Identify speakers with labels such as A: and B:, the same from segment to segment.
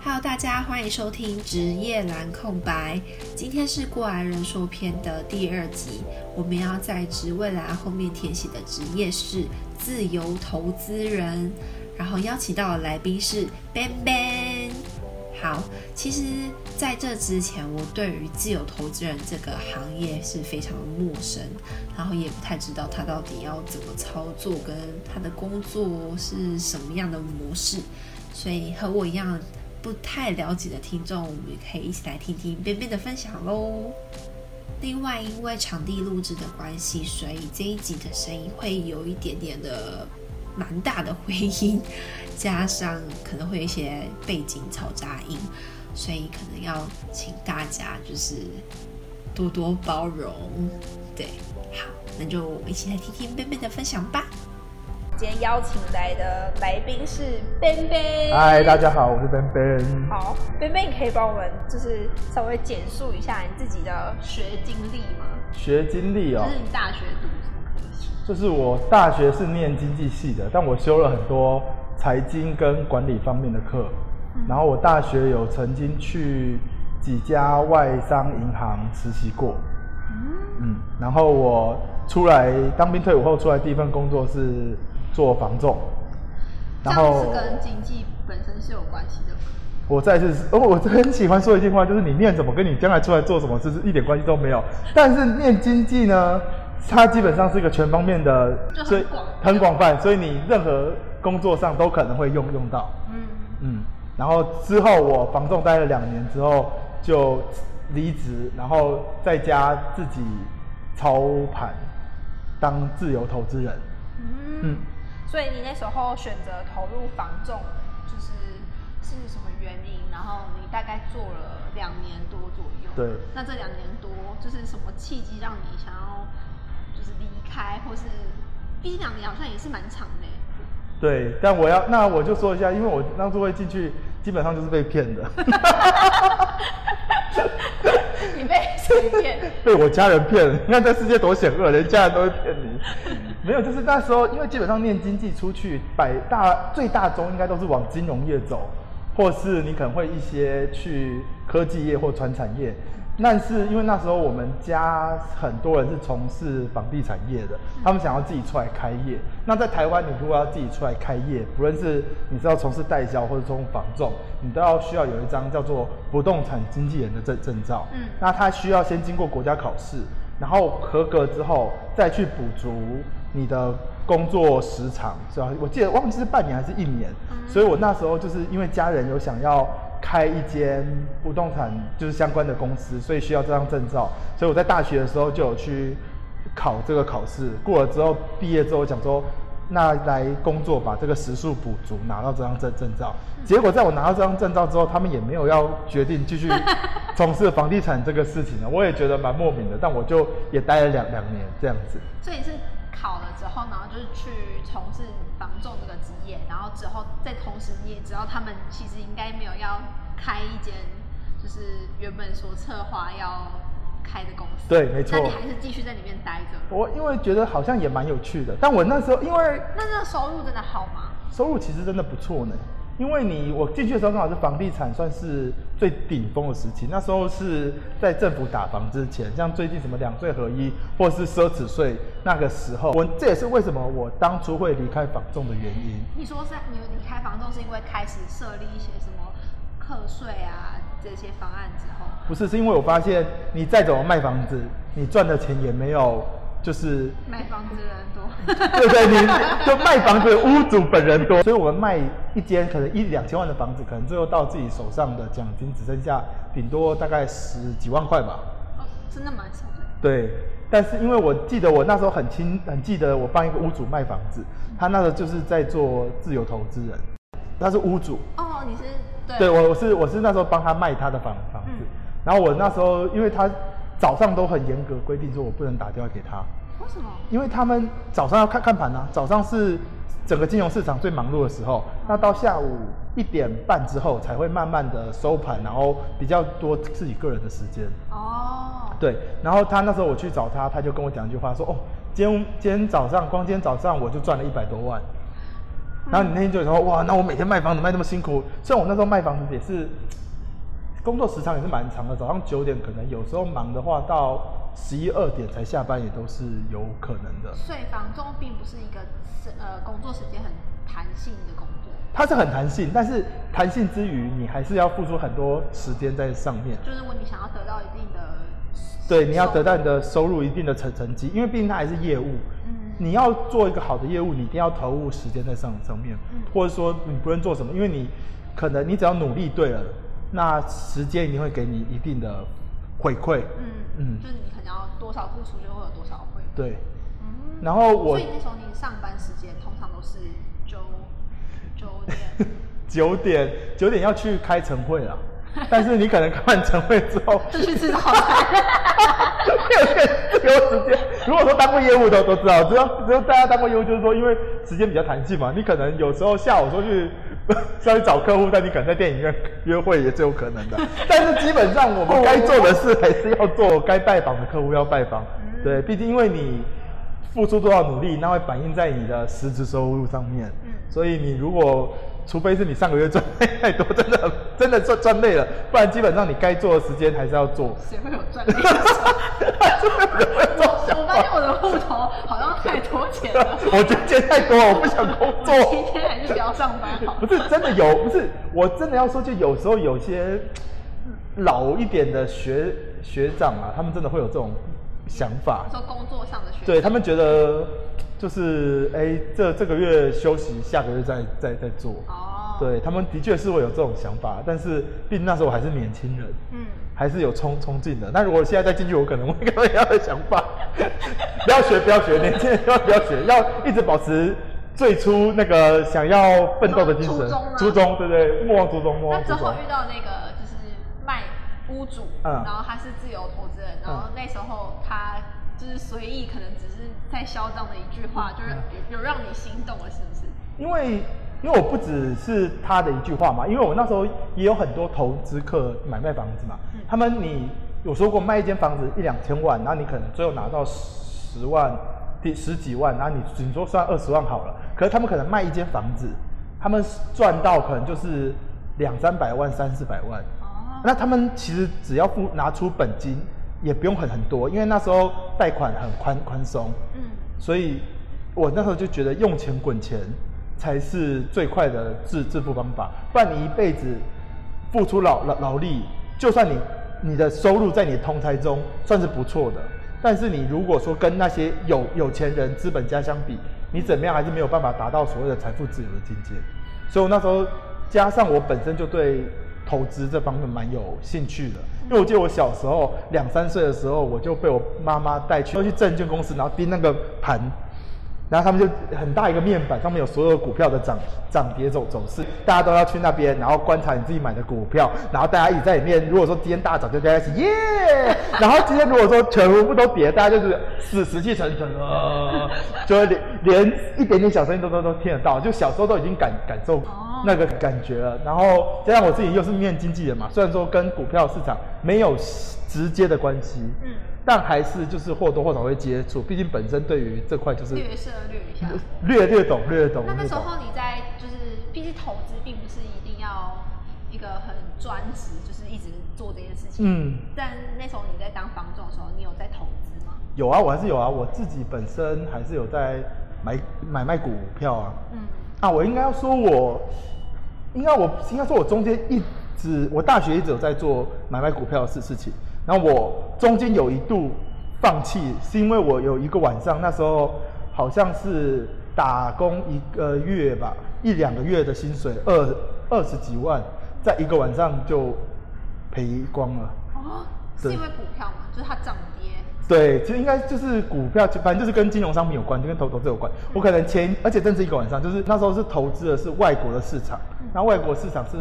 A: Hello，大家歡迎收聽職業欄空白。今天是過來人說篇的第二集，我們要在職位欄後面填寫的職業是自由投資人，然後邀請到的來賓是 Ben Ben。好，其實在這之前，我對於自由投資人這個行業是非常陌生，然後也不太知道他到底要怎麼操作，跟他的工作是什麼樣的模式，所以和我一樣。不太了解的聽眾，我們也可以一起來聽聽邊邊的分享嘍。另外，因為場地錄製的關係，所以這一集的聲音會有一點點的蠻大的回音，加上可能會有一些背景嘈雜音，所以可能要請大家就是多多包容。對，好，那就我們一起來聽聽邊邊的分享吧。今天邀請來的來賓是 benben。嗨 ben，Hi, 大
B: 家好，我是 benben。Ben
A: 好，benben，ben 可以幫我們就是稍微簡述一下你自己的學經歷
B: 嗎？學經歷哦，就是
A: 你大學讀什麼科
B: 系？就是我大學是念經濟系的，哦，但我修了很多財經跟管理方面的課。嗯，然後我大學有曾經去幾家外商銀行實習過。嗯，嗯，然後我出來當兵退伍後，出來第一份工作是。.做房仲，然後
A: 是跟經濟
B: 本身是有關係的。我再次哦，我很喜歡說一句話，就是你念什麼跟你將來出來做什麼，就是一點關係都沒有。但是念經濟呢，它基本上是一個全方面的，嗯、所以很廣，很廣泛，嗯、所以你任何工作上都可能會用用到。嗯嗯。然後之後我房仲待了兩年之後就離職，然後在家自己操盤，當自由投資人。
A: 嗯。嗯所以你那時候選擇投入房仲，就是是什麼原因？然後你大概做了兩年多左右。對。那這兩年多就是什麼契機讓你想要就是離開，或是畢竟兩年好像也是蠻長的。
B: 對，但我要那我就說一下，因為我讓各位進去，基本上就是被騙的。
A: 你被誰騙？
B: 被我家人騙了。你看這世界多險惡，連家人都會騙你。沒有，就是那時候，因為基本上念經濟出去，百大最大宗應該都是往金融業走，或是你可能會一些去科技業或傳產業。那是因為那時候我們家很多人是從事房地產業的，他們想要自己出來開業。嗯、那在台灣，你如果要自己出來開業，不論是你知道從事代銷或者從房仲，你都要需要有一張叫做不動產經紀人的證證照。嗯，那他需要先經過國家考試，然後合格之後再去補足你的工作時長，是吧？我記得忘記是半年還是一年。嗯、所以我那時候就是因為家人有想要。開一間不動產就是相關的公司，所以需要這張證照，所以我在大學的時候就有去考這個考試，過了之後畢業之後我想說，那來工作把這個時數補足，拿到這張證證照。結果在我拿到這張證照之後，他們也沒有要決定繼續從事房地產這個事情呢 我也覺得蠻莫名的，但我就也待了兩兩年這樣子。所以
A: 是。好了之後，然後就是去從事房仲這個職業。然後之後，在同時你也知道，他們其實應該沒有要開一間，就是原本所策劃要開的公司。對，沒錯。那你還是繼續在裡面待着。我
B: 因為覺得好像也蠻有趣的，但我那時候因為……
A: 那時候收入真的好嗎？
B: 收入其實真的不錯呢。因為你我進去的時候正好是房地產算是最頂峰的時期，那時候是在政府打房之前，像最近什麼兩稅合一或者是奢侈稅那個時候。我這也是為什麼我當初會離開房仲的原因。你說
A: 是？你離開房仲是因為開始設立一些什麼課稅啊這些方案之
B: 後？不是，是因為我發現你再怎麼賣房子，你賺的錢也沒有。就是
A: 賣房子
B: 的人多， 對對，你就賣房子的屋主本人多，所以我們賣一間可能一兩千萬的房子，可能最後到自己手上的獎金只剩下頂多大概十幾萬塊吧。哦、
A: 是那麼少。
B: 對，但是因為我記得我那時候很清很記得我幫一個屋主賣房子，他那時候就是在做自由投資人，他是屋主。哦，
A: 你是對，對我我
B: 是我是那時候幫他賣他的房房子，嗯、然後我那時候因為他。早上都很嚴格規定說，我不能打電話給他。為什麼？因為他們早上要看看盤呢。早上是整個金融市場最忙碌的時候，那到下午一點半之後才會慢慢的收盤，然後比較多自己個人的時間。哦。對。然後他那時候我去找他，他就跟我講一句話說：“哦，今天今天早上光今天早上我就賺了一百多萬。”
A: 然後你那
B: 天就說：“哇，那我每天賣房子賣那麼辛苦，雖然我那時候賣房子也是。”工作時長也是蠻長的，早上九點可能有時候忙的話，到，到十一二點才下班，也都是有可能的。所以，
A: 房仲並不是一個呃工作時間很彈性的工作。
B: 它是很彈性，但是彈性之餘，你還是要付出很多時間在上面。啊、
A: 就是，如果你想要得到一定的對，你要得到你的
B: 收入一定的成成績，因為畢竟它還是業務。嗯。嗯，你要做一個好的業務，你一定要投入時間在上上面，嗯、或者說你不論做什麼，因為你可能你只要努力對了。那時間一定會給你一定的回饋，嗯嗯，嗯就是你可
A: 能要多少付出就會有多少回
B: 饋。對，嗯、然後我所以那時
A: 候你上班時間通常都是周周
B: 點 九點九點要去開晨會了。 但是你可能開完晨會之後繼續繼續跑，對， 沒有時間。如果說當過業務的都知道，只要只要大家當過業務，就是說因為時間比較彈性嘛，你可能有時候下午出去。要去 找客戶，但你敢在電影院約會也是有可能的。 但是基本上我們該做的事還是要做，該拜訪的客戶要拜訪。嗯、對，畢竟因為你付出多少努力，那會反映在你的實質收入上面。嗯、所以你如果。除非是你上個月賺太多，真的真的賺賺累了，不然基本上你該做的時間還是要做。
A: 誰
B: 會有賺 我發現我的戶頭好
A: 像太多錢了。
B: 我覺得錢太多了，我不想工作。 我今天還是不要上
A: 班好。
B: 不是真的有，不是我真的要說，就有時候有些老一點的學學長啊，他們真的會有這種想法。說
A: 工作上的學，對他們
B: 覺得。就是哎，這這個月休息，下個月再再再做。哦，對他們的確是會有這種想法，但是畢竟那時候我還是年輕人，嗯，還是有衝衝勁的。那如果現在再進去，我可能會有不一樣的想法。嗯、 不要學，不要學， 年輕人要不要學？要一直保持最初那個想要奮鬥的精神。初衷？初衷，對對，莫忘初衷，莫忘初衷。那
A: 之後遇到那個就是賣屋主，嗯，然後他是自由投資人，嗯、然後那時候他。就是隨意，可能只是在囂張
B: 的一句話，就是有有讓你心動了，是不是？因為因為我不只是他的一句話嘛，因為我那時候也有很多投資客買賣房子嘛，嗯、他們你有說過賣一間房子一兩千萬，然後你可能最後拿到十萬第十幾萬，然後你只說算二十萬好了。可是他們可能賣一間房子，他們賺到可能就是兩三百萬、三四百萬。哦、啊，那他們其實只要付拿出本金，也不用很很多，因為那時候貸款很寬寬鬆，嗯，所以我那時候就覺得用錢滾錢才是最快的致致富方法。不然你一輩子付出勞勞勞力，就算你你的收入在你的同儕中算是不錯的，但是你如果說跟那些有有錢人、資本家相比，你怎麼樣還是沒有辦法達到所謂的財富自由的境界。所以我那時候加上我本身就對。投資這方面蠻有興趣的，因為我記得我小時候兩三歲的時候，我就被我媽媽帶去要去證券公司，然後盯那個盤。然後他們就很大一個面板，上面有所有股票的漲漲跌走走勢，大家都要去那邊，然後觀察你自己買的股票，然後大家一直在裡面。如果說今天大漲，就在一起耶
A: ；yeah! 然後
B: 今天如果說全部不都跌，大家就是死死氣沉沉啊， 就連連一點點小聲音都都都聽得到，就小時候都已經感感受那個感覺了。然後加上我自己又是面經紀人嘛，雖然說跟股票市場沒有直接的關係。嗯。但還是就是或多或少會接觸，畢竟本身對於這塊就是略
A: 涉
B: 略一下，略略懂略懂。那個時候你在就是，畢竟
A: 投資並不是一定要一個很專職，就是一直做這件事情。嗯。但那時候你在當房仲的時候，你有在投資
B: 嗎？有啊，我還是有啊，我自己本身還是有在買買賣股票啊。嗯。啊，我應該要說我，應該我應該說我中間一直，我大學一直有在做買賣股票的事事情。那我中間有一度放棄，是因為我有一個晚上，那時候好像是打工一個月吧，一兩個月的薪水二二十幾萬，在一個晚上就賠光了。哦、嗯，
A: 對是因為股票嗎？就是它漲
B: 跌？對，其實應該就是股票，就反正就是跟金融商品有關，就跟投投資有關。嗯、我可能前而且正是一個晚上，就是那時候是投資的是外國的市場，那、嗯、外國市場是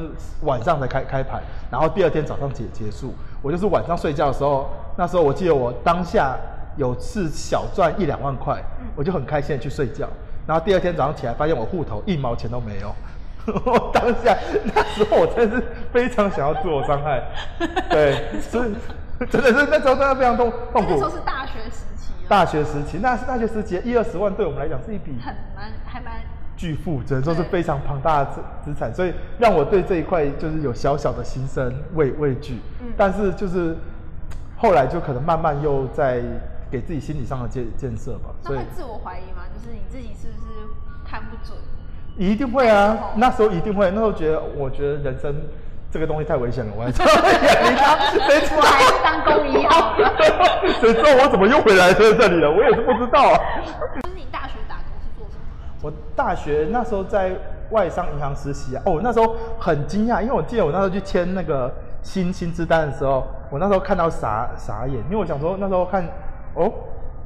B: 晚上才開開盤，然後第二天早上結結束。我就是晚上睡覺的時候，那時候我記得我當下有次小賺一兩萬塊，嗯、我就很開心的去睡覺，然後第二天早上起來發現我戶頭一毛錢都沒有， 我當下 那時候我真的是非常想要自我傷害， 對，所以真的是那時候真的非常痛痛苦。那時候是大
A: 學時期、
B: 啊。大學時期，那是大學時期一二十萬對我們來講是一筆很
A: 蠻還蠻。
B: 巨富，只能說是非常龐大的資資產，對所以讓我對這一塊就是有小小的心生畏畏懼。嗯，但是就是後來就可能慢慢又在給自己心理上的建建設吧。所以那會自
A: 我懷疑嗎？就是你自己是不是
B: 看不準？一定會啊，那時候一定會。那時候覺得，我覺得人生這個東西太危險了。我還
A: 說，你誰出來當公一？哈哈
B: 哈！誰知道我怎麼又回來在這裡了？我也是不知道啊。 就是你大。我大學那時候在外商銀行實習啊，哦，那時候很驚訝，因為我記得我那時候去簽那個薪薪資單的時候，我那時候看到傻傻眼，因為我想說那時候看，哦，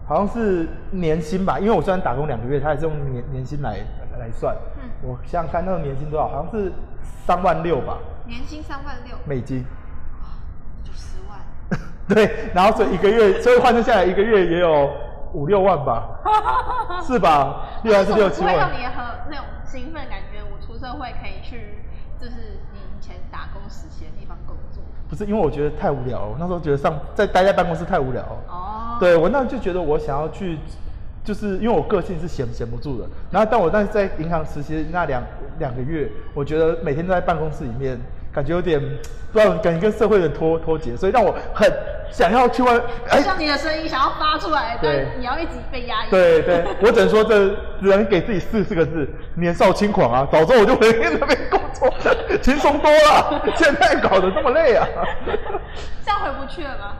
B: 好像是年薪吧，因為我雖然打工兩個月，他還是用年年薪來來算。嗯，我想想看那個年薪多少，好像是三萬六吧。
A: 年薪三萬六。
B: 美金。哇、哦，就十萬。 對，然後所以一個月，所以換算下來一個月也有。五六萬吧， 是吧？六還是六
A: 七萬？那你也很那種興奮
B: 感覺，我出社會可以去，就是你以前打工實習的地
A: 方
B: 工作。不是，因為我覺得太無聊。那時候覺得上在待在辦公室太無聊。哦，對我那時候就覺得我想要去，就是因為我個性是閒閒不住的。然後，但我但是在銀行實習那兩兩個月，我覺得每天都在辦公室裡面，感覺有點不知道，感覺跟社會的脫脫節，所以讓我很。想要去外，欸、就像你
A: 的聲音想要發出來，對但你要一直被壓抑。對，對對，我只能說
B: 這只能給自己四四個字：年少輕狂啊！早知道我就回那邊工作，輕鬆多了。現在搞得這麼累啊！現
A: 在回不去了
B: 嗎？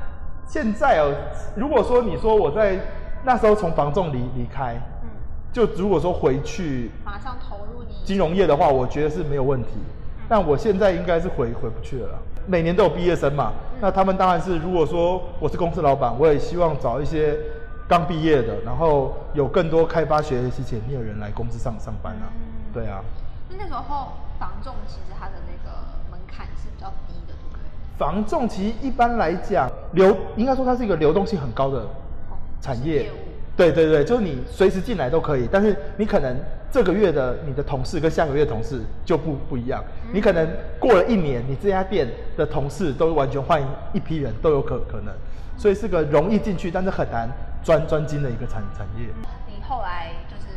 B: 現在哦，如果說你說我在那時候從房仲離離開，嗯，就如果說回去馬上投入你金融業的話，我覺得是沒有問題。但我現在應該是回回不去了。每年都有畢業生嘛，嗯、那他們當然是，如果說我是公司老闆，我也希望找一些剛畢業的，然後有更多開發學習潛力的人來公司上上班啊，嗯、對啊。那那
A: 時候房仲其實它的那個門檻是比較低的，對不
B: 對？房仲其實一般來講流，應該說它是一個流動性很高的產業。哦對對對，就是你隨時進來都可以，但是你可能這個月的你的同事跟下個月的同事就不不一樣。你可能過了一年，你這家店的同事都完全換一批人，都有可可能。所以是個容易進去，但是很難專專精的一個產產業，嗯。你後來就
A: 是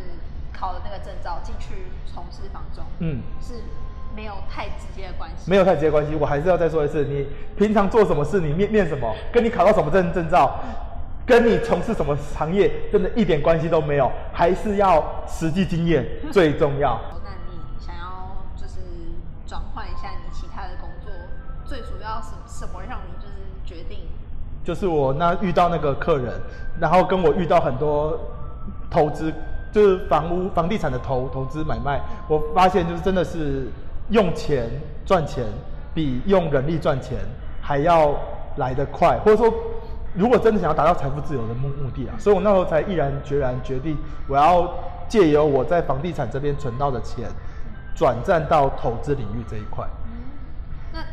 A: 考了那個證照進去從事房仲，嗯，是沒有太直接的關
B: 係。沒有太直接關係，我還是要再說一次，你平常做什麼事，你念念什麼，跟你考到什麼證證照。跟你從事什麼行業真的一點關係都沒有，還是要實際經驗最重要。 那你想要
A: 就是轉換一下你其他的工作，最主要是什麼，什麼讓你就是
B: 決定？就是我那遇到那個客人，然後跟我遇到很多投資，就是房屋房地產的投投資買賣，我發現就是真的是用錢賺錢比用人力賺錢還要來得快，或者說。如果真的想要達到財富自由的目目的啊，所以我那時候才毅然決然決定，我要借由我在房地產這邊存到的錢，轉戰到投資領域這一塊。嗯，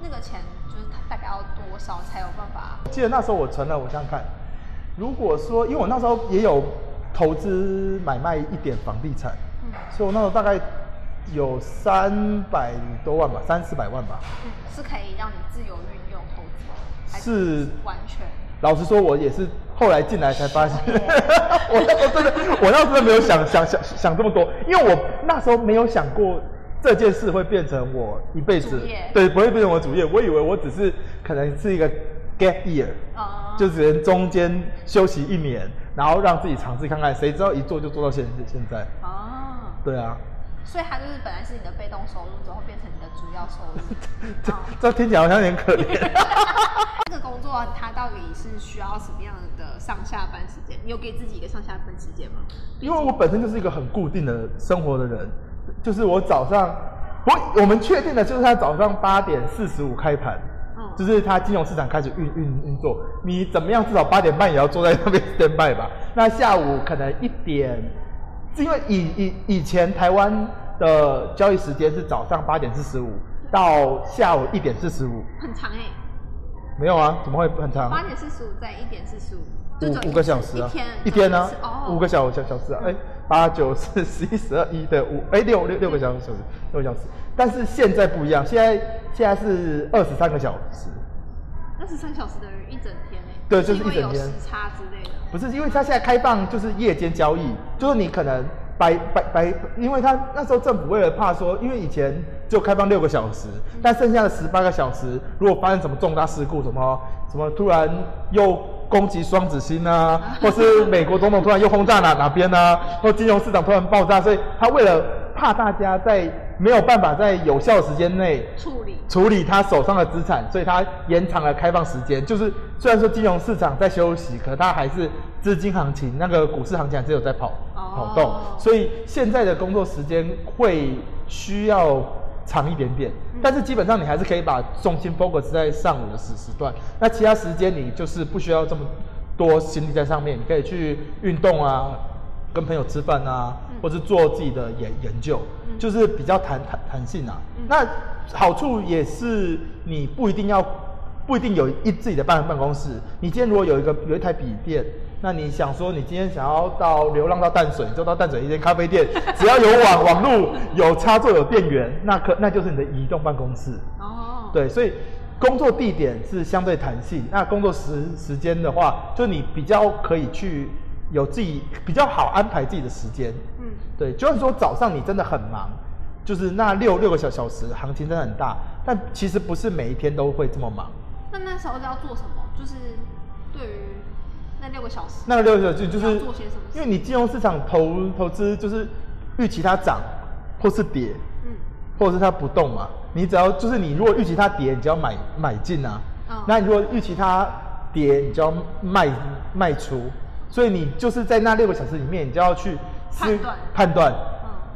B: 那
A: 那個錢就是它大概要多少才有辦法？
B: 記得那時候我存了，我這樣看，如果說因為我那時候也有投資買賣一點房地產，嗯，所以我那時候大概有三百多萬吧，三四百萬吧，嗯，
A: 是可以讓你自由運用投資。
B: 是，是是完全。老實說，我也是後來進來才發現，哦， 我那時候真的， 我那時候沒有想 想想想這麼多，因為我那時候沒有想過這件事會變成我一輩子主業，對，不會變成我主業。我以為我只是可能是一個 gap year，哦，就只能中間休息一年，然後讓自己嘗試看看。誰知道一做就做到現在，哦，現在，哦，對啊。
A: 所以它就是本來是你的被動收入，之後變成你的
B: 主要收入。這 這聽起來好像有點可憐。這個工作它
A: 到底是需要什麼樣的上下班時間？你有給自己一個上下班時間
B: 嗎？因為我本身就是一個很固定的生活的人，嗯、就是我早上，我我們確定的就是它早上八點四十五開盤，嗯，就是它金融市場開始運運運作，你怎麼樣至少八點半也要坐在那邊 stand by 吧，那下午可能一點。是因為以以以前台灣的交易時間是早上八點四十五到下午一點四十五，
A: 很長哎、
B: 欸。沒有啊，怎麼會很長？八點
A: 四十五在一點四十五，五個小時一天一天呢？哦，五個
B: 小小小時啊，哎、啊，八九四十一十二一，對五哎六六六個小時<對 >6 個小時六個小時，但是現在不一樣，現在現在是二十三個小時，二十三小時
A: 等於一整天。對，就是一整天。差之類
B: 的。不是，因為他現在開放就是夜間交易，嗯、就是你可能白白白，因為他那時候政府為了怕說，因為以前就開放六個小時，嗯、但剩下的十八個小時，如果發生什麼重大事故，什麼什麼突然又。攻擊雙子星啊，或是美國總統突然又轟炸哪哪邊啊，或金融市場突然爆炸，所以他為了怕大家在沒有辦法在有效的時間內處理處理他手上的資產，所以他延長了開放時間。就是雖然說金融市場在休息，可它還是資金行情，那個股市行情還是有在跑跑動，所以現在的工作時間會需要長一點點，但是基本上你還是可以把重心 focus 在上午的時時段，那其他時間你就是不需要這麼多心力在上面，你可以去運動啊，跟朋友吃飯啊，或者做自己的研研究，就是比較彈彈彈性啊。那好處也是你不一定要不一定有一自己的辦辦公室，你今天如果有一個有一台筆電。那你想說，你今天想要到流浪到淡水，就到淡水一間咖啡店，只要有網、 網路、有插座、有電源，那可那就是你的移動辦公室哦。Oh. 對，所以工作地點是相對彈性。那工作時時間的話，就你比較可以去有自己比較好安排自己的時間。嗯，mm. 對。就算說早上你真的很忙，就是那六六個小小時，行情真的很大，但其實不是每一天都會這麼忙。
A: 那那時候要做什麼？就是對於。那六個小時，那個六個小時就是你做些什麼？因為你
B: 金融市場投投資就是預期它漲，或是跌，嗯，或者是它不動嘛、啊。你只要就是你如果預期它跌，你就要買買進啊。嗯、那你如果預期它跌，你就要賣賣出。所以你就是在那六個小時裡面，你就要去判斷、嗯、判斷、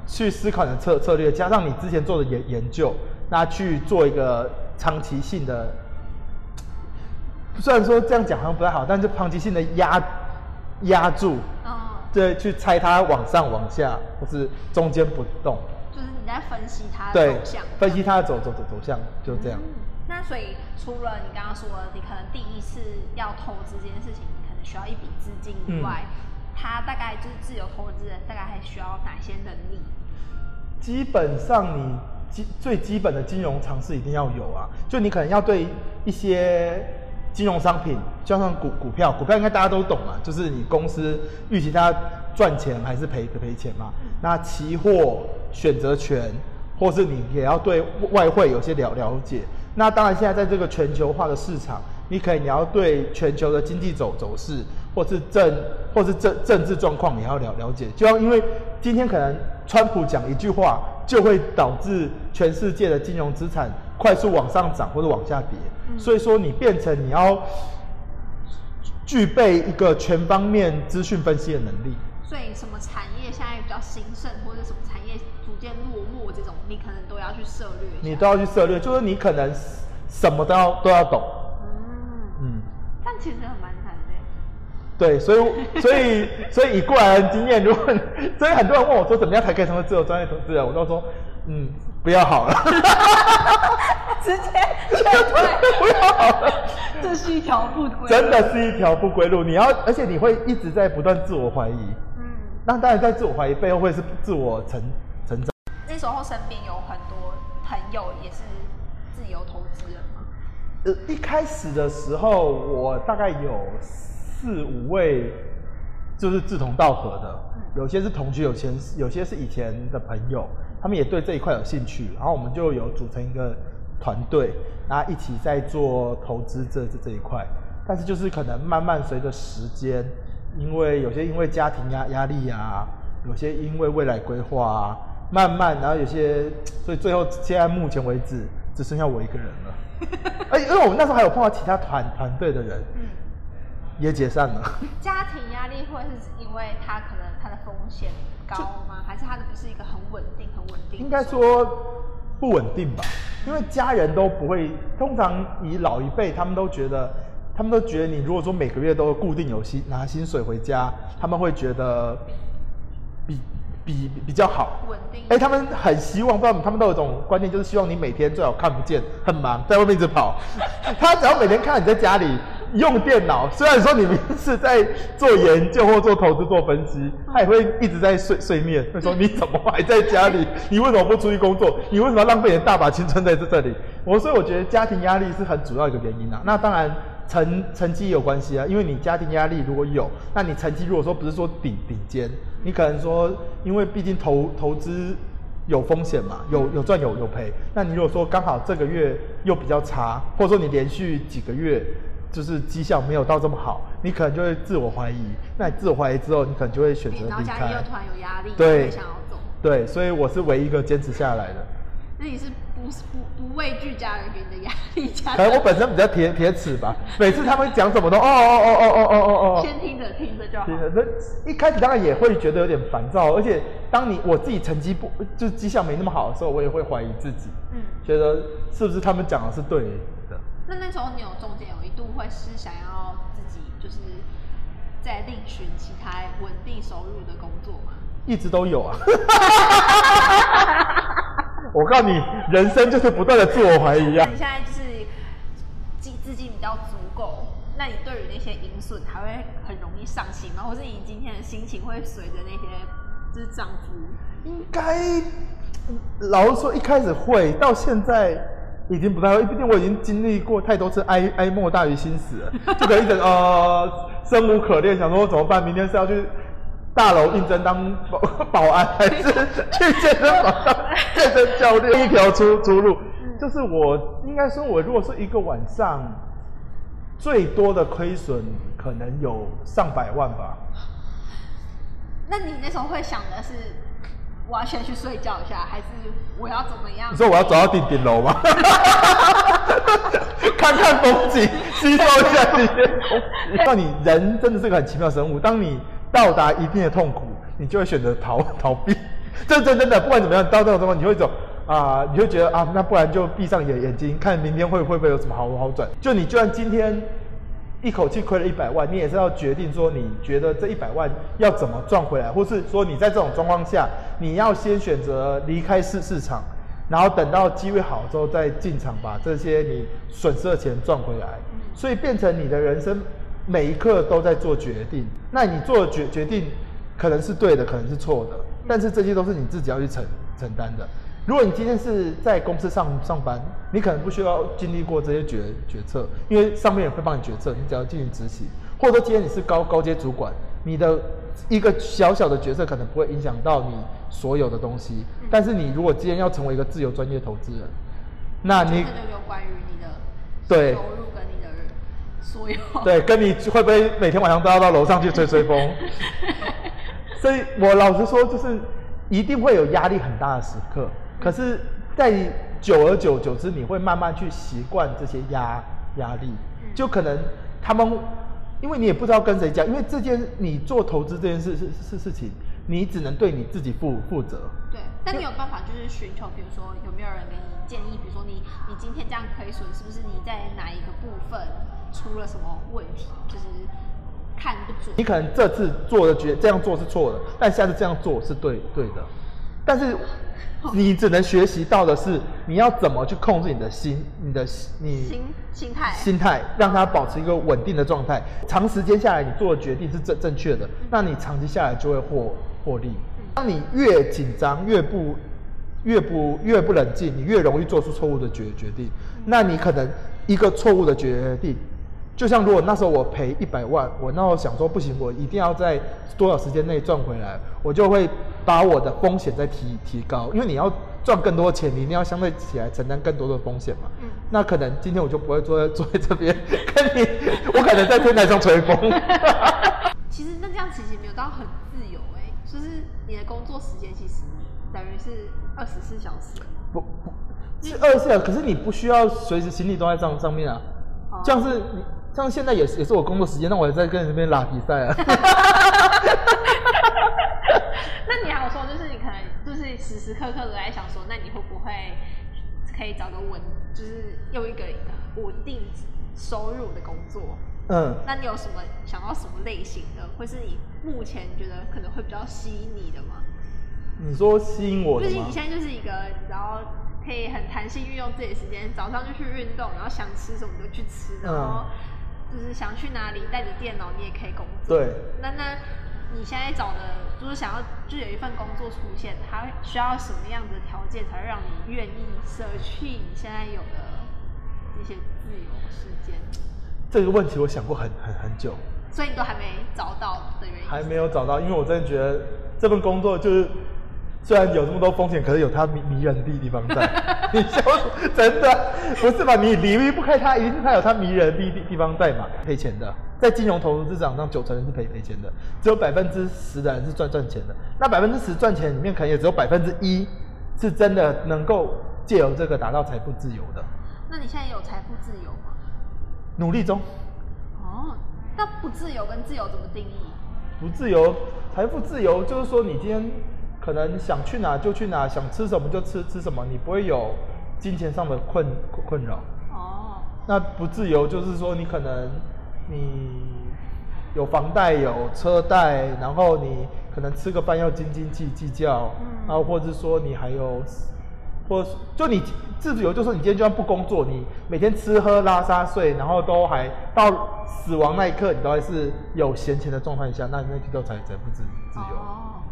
B: 去思考你的策策略，加上你之前做的研研究，那去做一個長期性的。雖然說這樣講好像不太好，但是龐吉性的壓壓住，嗯、對，去猜它往上、往下，或是中間不動，
A: 就是你在分析它的走向，對分析
B: 它的走走走走向，就這樣、嗯。
A: 那所以除了你剛剛說的，你可能第一次要投資這件事情，你可能需要一筆資金以外，嗯、他大概就是自由投資人，大概還需要哪些能
B: 力？基本上你，你基最基本的金融常識一定要有啊。就你可能要對一些。嗯金融商品，加上股股票，股票應該大家都懂嘛，就是你公司預期它賺錢還是賠賠錢嘛。那期貨選擇權，或是你也要對外匯有些了了解。那當然，現在在這個全球化的市場，你可以你要對全球的經濟走走勢，或是政或是政政治狀況也要了了解。就因為今天可能川普講一句話，就會導致全世界的金融資產。快速往上漲或者往下跌，嗯、所以說你變成你要具備一個全方面資訊分析的能力。所以什
A: 麼產業現
B: 在比較興盛，或者什麼產業逐漸落寞，這種你可能都要去涉獵一下，你都要去涉獵，就是你可能什麼都要都要
A: 懂。嗯嗯，嗯，但其實很蠻慘的。
B: 對，所以所以所以以過來人經驗， 如果，所以很多人問我說，怎麼樣才可以成為自由專業投資人，我都說嗯。不要好了， 直接
A: 撤退。 不要好了，這 是一條不歸。真的是一
B: 條不歸路。你要，而且你會一直在不斷自我懷疑。
A: 嗯。
B: 那當然，在自我懷疑背後，會是自我成成長。那
A: 時候身邊有很多朋友
B: 也是自由投資人嘛。呃，一開始的時候，我大概有四五位，就是志同道合的，嗯、有些是同學，有前有些是以前的朋友。他們也對這一塊有興趣，然後我們就有組成一個團隊，然後一起在做投資這這這一塊。但是就是可能慢慢隨着時間，因為有些因為家庭壓壓力啊，有些因為未來規劃啊，慢慢然後有些，所以最後現在目前為止只剩下我一個人了。而、 欸、因為我們那時候還有碰到其他團團隊的人。也解散了，嗯。家庭壓力
A: 會是因為他可能他的風險高嗎？還是他的不是一個很穩定，很穩
B: 定？應該說不穩定吧， 因為家人都不會。通常你老一輩，他們都覺得，他們都覺得你如果說每個月都有固定有薪，拿薪水回家，他們會覺得比比比，比較好、穩定。哎，欸，他們很希望，不知道，他們都有種觀念，就是希望你每天最好看不見，很忙，在外面一直跑。 他只要每天看你在家裡。用電腦，雖然說你們是在做研究或做投資，做分析，他也會一直在睡睡眠。他說：“你怎麼還在家裡？你為什麼不出去工作？你為什麼浪費你大把青春在這裡？”我所以我覺得家庭壓力是很主要一個原因啊。那當然成成績有關係啊，因為你家庭壓力如果有，那你成績如果說不是說頂頂尖，你可能說，因為畢竟投投資有風險嘛，有有賺有有賠。那你如果說剛好這個月又比較差，或者說你連續幾個月。就是績效沒有到這麼好，你可能就會自我懷疑。那你自我懷疑之後，你可能就會選擇離開。然後家裡又突
A: 然有壓力，對，也想要走。
B: 對，所以我是唯一一個堅持下來的。那
A: 你是不不不畏懼家人給的壓力？家可能我本身比
B: 較鐵鐵齒吧， 每次他們講什麼都，都哦哦,哦哦哦哦哦哦哦哦，先聽着聽着就好，聽着。那一開始當然也會覺得有點煩躁，對而且當你我自己成績不就是績效沒那麼好的時候，我也會懷疑自己，嗯，覺得是不是他們講的是對的。
A: 那那時候你有中間有一度會是想要自己就是再另尋其他穩定收入的工作
B: 嗎？一直都有啊！我告訴你， 人生就是不斷的自我懷疑啊！你
A: 現在就是資金比較足夠，那你對於那些盈損還會很容易上心嗎？或是你今天的心情會隨着那些就是漲幅？
B: 應該老實說，一開始會，到現在。已經不太會，畢竟我已經經歷過太多次哀哀莫大於心死了，就感覺呃生無可戀，想說怎麼辦？明天是要去大樓應徵當保保安，還是去健身房當 健身教練？ 一條出出路，就是我應該說，我如果是一個晚上最多的虧損，可能有上百萬吧。
A: 那你那時候會想的是？我要先去睡
B: 覺一下，還是我要怎麼樣？你說我要走到頂頂樓嗎？哈哈哈哈哈哈！看看風景， 吸收一下你的空氣。那 你人真的是一個很奇妙的生物。當你到達一定的痛苦，你就會選擇逃逃避。真 真真的，不管怎麼樣，到這種時候，你會走啊、呃，你就覺得啊，那不然就閉上眼眼睛，看明天會會不會有什麼好好轉。就你，就算今天。一口氣虧了一百萬，你也是要決定說，你覺得這一百萬要怎麼賺回來，或是說你在這種狀況下，你要先選擇離開市市場，然後等到機會好之後再進場，把這些你損失的錢賺回來。所以變成你的人生每一刻都在做決定，那你做的決決定，可能是對的，可能是錯的，但是這些都是你自己要去承承擔的。如果你今天是在公司上上班，你可能不需要經歷過這些決決策，因為上面也會幫你決策，你只要進行執行。或者說今天你是高高階主管，你的一個小小的決策可能不會影響到你所有的東西。嗯、但是你如果今天要成為一個自由專業投資人，嗯、那你，就那就你對，沒
A: 有關於你
B: 的投入跟
A: 你的所有？對，跟你會
B: 不會每天晚上都要到樓上去吹吹風？ 所以我老實說，就是一定會有壓力很大的時刻。可是，在久而久，久之，你會慢慢去習慣這些壓壓力，就可能他們，因為你也不知道跟誰講，因為這件你做投資這件事是是，是事情，你只能對你自己負負責。對，但你有辦法就是尋求，為比如
A: 說有沒有人給你建議？比如說你你今天這樣虧損，是不是你在哪一個部分出了什麼問題？就是看不準。你可能
B: 這次做的決這樣做是錯的，但下次這樣做是對對的。但是，你只能學習到的是，你要怎麼去控制你的心，你的你
A: 心，你心態，心態，
B: 讓它保持一個穩定的狀態。長時間下來，你做的決定是正正確的，那你長期下來就會獲獲利。當你越緊張，越不，越不，越不冷靜，你越容易做出錯誤的決決定。那你可能一個錯誤的決定，就像如果那時候我賠一百萬，我那時候想說不行，我一定要在多少時間內賺回來，我就會把我的風險再提提高，因為你要賺更多的錢，你一定要相對起來承擔更多的風險嘛。嗯。那可能今天我就不會坐在坐在這邊跟你，我可能在天台上吹風。 其實那這樣其實沒有到很
A: 自由哎、欸，就是你的工作時間其實等於是二
B: 十四小時不。不，是二十四小時，可是你不需要隨時行李都在上上面啊，樣、啊、是你。像現在也是也是我工作時間，那我也在跟那邊拉比賽啊。
A: 那你還有說，就是你可能就是時時刻刻都在想說，那你會不會可以找個穩，就是有一個穩定收入的工作？
B: 嗯，那
A: 你有什麼想要什麼類型的，或是你目前覺得可能會比較吸引你的嗎？
B: 你說吸引我的嗎？就是你現在
A: 就是一個，然後可以很彈性運用自己的時間，早上就去運動，然後想吃什麼就去吃，然後、嗯。就是想去哪裡，帶着電腦你也可以工作。對，那那你現在找的，就是想要就有一份工作出現，它需要什麼樣的條件才會讓你願意舍去你現在有的一些自由時間？
B: 這個問題我想過很很很久。
A: 所以你都還沒找到的原
B: 因？還沒有找到，因為我真的覺得這份工作就是。雖然有這麼多風險，可是有它迷迷人的地地方在。 你笑，真的不是吧？你離不開它，一定是它有它迷人的地地方在嘛。賠錢的，在金融投資市場上，九成人是賠賠錢的，只有百分之十的人是賺賺錢的。那百分之十賺錢裡面，可能也只有百分之一是真的能夠借由這個達到財富自由的。
A: 那你現在有財富自由
B: 嗎？努力中。哦。那
A: 不自由跟自由怎
B: 麼定義？不自由，財富自由就是說你今天。可能想去哪就去哪，想吃什麼就吃吃什麼，你不會有金錢上的困困擾。哦。Oh. 那不自由就是說，你可能你有房貸、有車貸，然後你可能吃個飯要斤斤計計較，然後或者說你還有，或就你自由就是你今天就算不工作，你每天吃喝拉撒睡，然後都還到死亡那一刻，你都還是有閒錢的狀態下，那那才才不自
A: 自由。哦。Oh.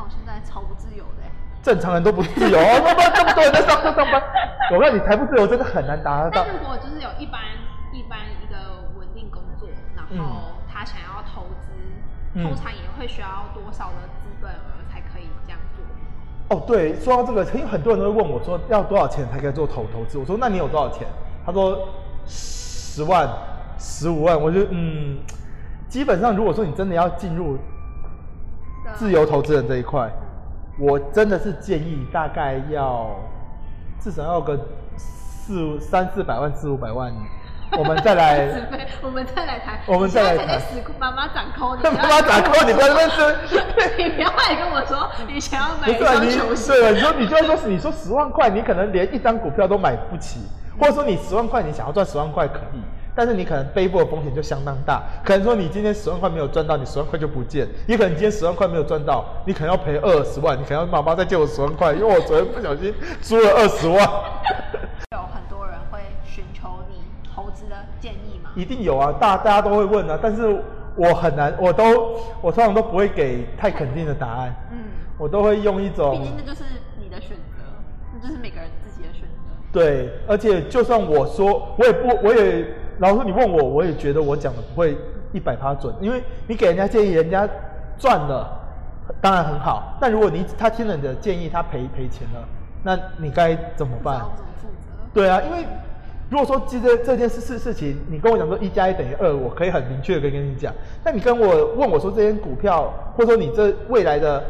B: 我現在超不自由的。欸，正常人都不自由，這麼多人在上課上班，我看你財富自由，真的很難達得到如果就是有一般
A: 一般一個穩定工作，然後他想要投資，嗯、通常也會需要多少的資本額、嗯、才可以這樣
B: 做？哦，對，說到這個，因為很多人都會問我說，要多少錢才可以做投投資？我說，那你有多少錢？他說十萬、十五萬，我覺得，嗯，基本上如果說你真的要進入。自由投資人這一塊，我真的是建議大概要，至少要個四三四百萬、四五百萬，我們再來，
A: 我們再來談，我們再來談。媽媽掌控，你媽媽掌控，媽媽 call, 你不要認真。 媽媽 call, 你不要來跟我說你想要買。不
B: 是、啊、你，對了，你說你就說你說十萬塊， 你可能連一張股票都買不起，或者說你十萬塊你想要賺十萬塊可以。但是你可能背負的風險就相當大，可能說你今天十萬塊沒有賺到，你十萬塊就不見；也可能今天十萬塊沒有賺到，你可能要賠二十萬，你可能要媽媽再借我十萬塊，因為我昨天不小心輸了二十萬。有很多人會尋求你投
A: 資的建議
B: 嗎？一定有啊，大大家都會問啊，但是我很難，我都我通常都不會給太肯定的答案。嗯，我都會用一種，畢竟那就是
A: 你的選擇，那就是每個人自
B: 己的選擇。對，而且就算我說，我也不我也。老師，你問我，我也覺得我講的不會一百趴準，因為你給人家建議，人家賺了，當然很好。但如果你他聽了你的建議，他賠賠錢了，那你該怎麼辦？要負責。對啊，因為如果說這這件事事情，你跟我講說一加一等於二，2, 我可以很明確的跟你講。但你跟我問我說，這些股票或者說你這未來的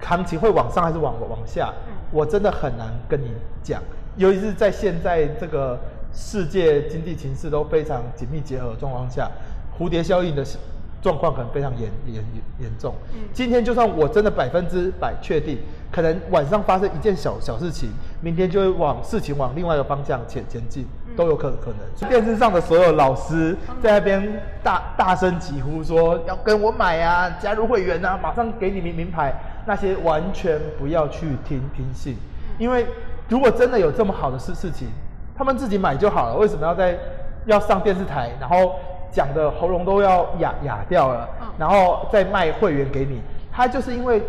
B: 行情會往上還是往往下，嗯、我真的很難跟你講，尤其是在現在這個。世界經濟情勢，都非常緊密結合的狀況下，蝴蝶效應的狀況可能非常嚴嚴嚴重。嗯、今天就算我真的百分之百確定，可能晚上發生一件小小事情，明天就會往事情往另外一個方向前前進，都有可可能。嗯、電視上的所有老師在那邊大大聲疾呼說、嗯、要跟我買啊，加入會員啊，馬上給你們名牌，那些完全不要去聽聽信，嗯、因為如果真的有這麼好的事事情。他們自己買就好了，為什麼要在要上電視台，然後講的喉嚨都要啞啞掉了，哦、然後再賣會員給你？他就是因為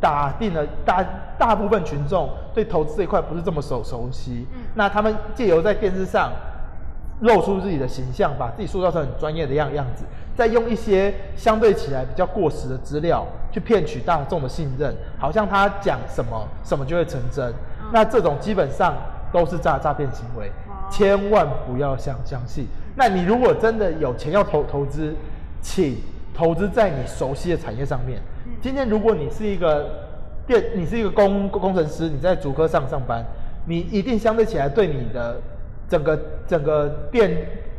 B: 打定了大大部分群眾對投資這一塊不是這麼熟熟悉，嗯、那他們借由在電視上露出自己的形象，把自己塑造成很專業的樣樣子，再用一些相對起來比較過時的資料去騙取大眾的信任，好像他講什麼什麼就會成真。哦、那這種基本上。都是詐詐騙行為，千萬不要相相信。那你如果真的有錢要投投資，請投資在你熟悉的產業上面。今天如果你是一個電，你是一個工工程師，你在竹科上上班，你一定相對起來對你的整個整個電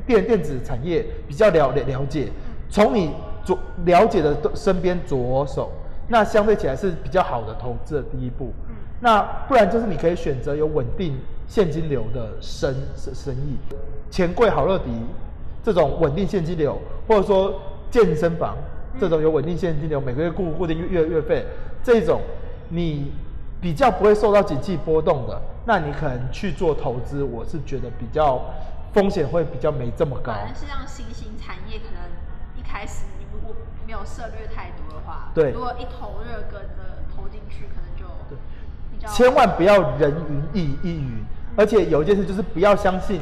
B: 電電子產業比較了了解。從你着了解的身邊着手，那相對起來是比較好的投資的第一步。那不然就是你可以選擇有穩定現金流的生生生意，錢櫃、好樂迪這種穩定現金流，或者說健身房這種有穩定現金流，嗯、每個月固固定月月費這種，你比較不會受到景氣波動的，那你可能去做投資，我是覺得比較風險會比較沒這麼高。反而是像
A: 新興產業，可能一開始你如果沒有涉獵太多的話，對，如果一頭熱跟着投進去，可能就對，千
B: 萬不要人云亦亦云。而且有一件事就是不要相信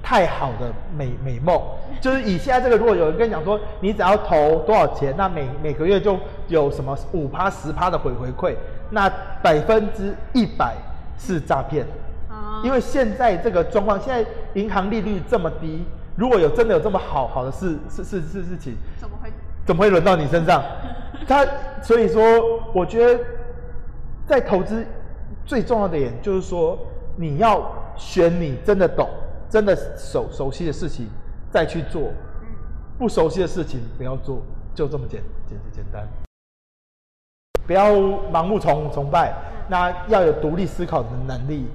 B: 太好的美美夢，就是以現在這個，如果有人跟你講說你只要投多少錢，那每每個月就有什麼五趴十趴的回回饋，那百分之一百是詐騙。嗯、因為現在這個狀況，現在銀行利率這麼低，如果有真的有這麼好好的事事事事事情，怎麼會怎麼會輪到你身上？ 他所以說，我覺得在投資最重要的點就是說。你要選你真的懂，真的熟熟悉的事情再去做，不熟悉的事情不要做，就這麼簡簡，簡簡單。不要盲目崇崇拜，那要有獨立思考的能力，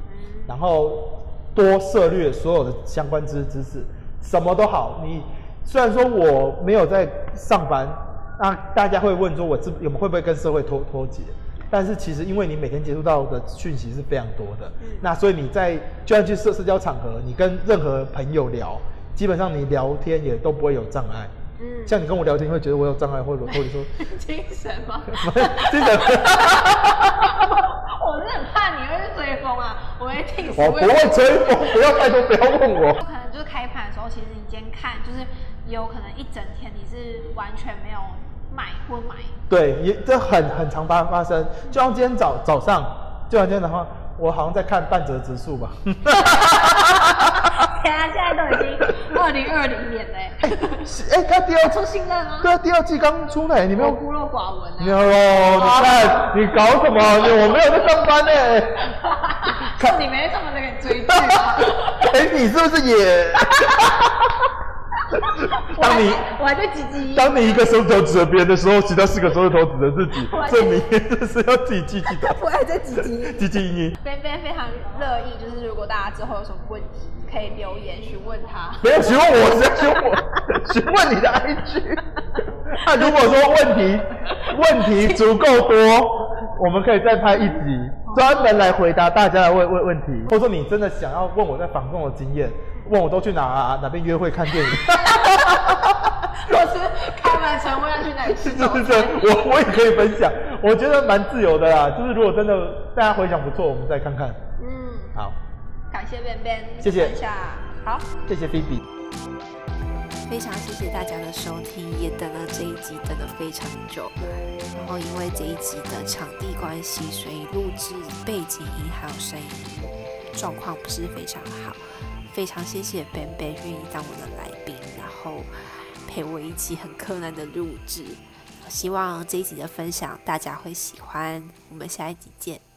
B: 然後多涉獵所有的相關知識知識。什麼都好，你雖然說我沒有在上班，那、啊、大家會問說我社我會不會跟社會脫脫節？但是其實，因為你每天接觸到的訊息是非常多的，嗯、那所以你在就算去社社交場合，你跟任何朋友聊，基本上你聊天也都不會有障礙。嗯，像你跟我聊天，你會覺得我有障礙，或者或者說
A: 精神嗎？ 精神， 我是很怕你又去追風啊！我會聽，我不會追風， 不要太多，不要問我。可能就是開盤的時候，
B: 其實你今天看，就是有可能
A: 一整天你是完全沒有。買或買？買
B: 對，也這很很常發發生。就像今天早早上，就像今天的話，我好像在看半澤直樹吧。
A: 天啊，現在都已經二
B: 零二零年嘞！哎、欸欸，他第二出信任嗎、啊？對，第二季剛出來，你沒有孤陋寡聞、啊、你好，你看、啊、啦你搞什麼？我沒有在上班呢。 看 你沒上班在追劇？哈哎、 欸，你是不是也？
A: 當你我，我還在唧唧。當你一個手指頭指着別人的時候，其他四
B: 個手指頭指着自己，證明這是要自己唧唧的。我還在唧唧唧唧音音。
A: 非常樂意，就是如果大家之後有什麼
B: 問題，可以留言詢問他。沒有詢問我，是詢問我，詢問你的 IG。 那如果說問題問題足夠多， 我們可以再拍一集，專門來回答大家的問問問題。或者你真的想要問我在防控我經驗。問我都去哪啊？哪邊約會看電影？哈哈哈老
A: 師，開完晨會要去哪裡
B: 吃中餐？中是,是,是我，我也可以分享。 我覺得蠻自由的啦。就是如果真的大家回想不錯，我們再看看。嗯，好，
A: 感謝 Ben Ben 謝謝。一下享，謝謝好，謝謝菲比。非常謝謝大家的收聽，也等了這一集等了非常久。對然後因為這一集的場地關係，所以錄制背景音還有聲音狀況不是非常好。非常謝謝 Ben Ben 願意當我的來賓，然後陪我一起很困難的錄製。希望這一集的分享大家會喜歡，我們下一集見。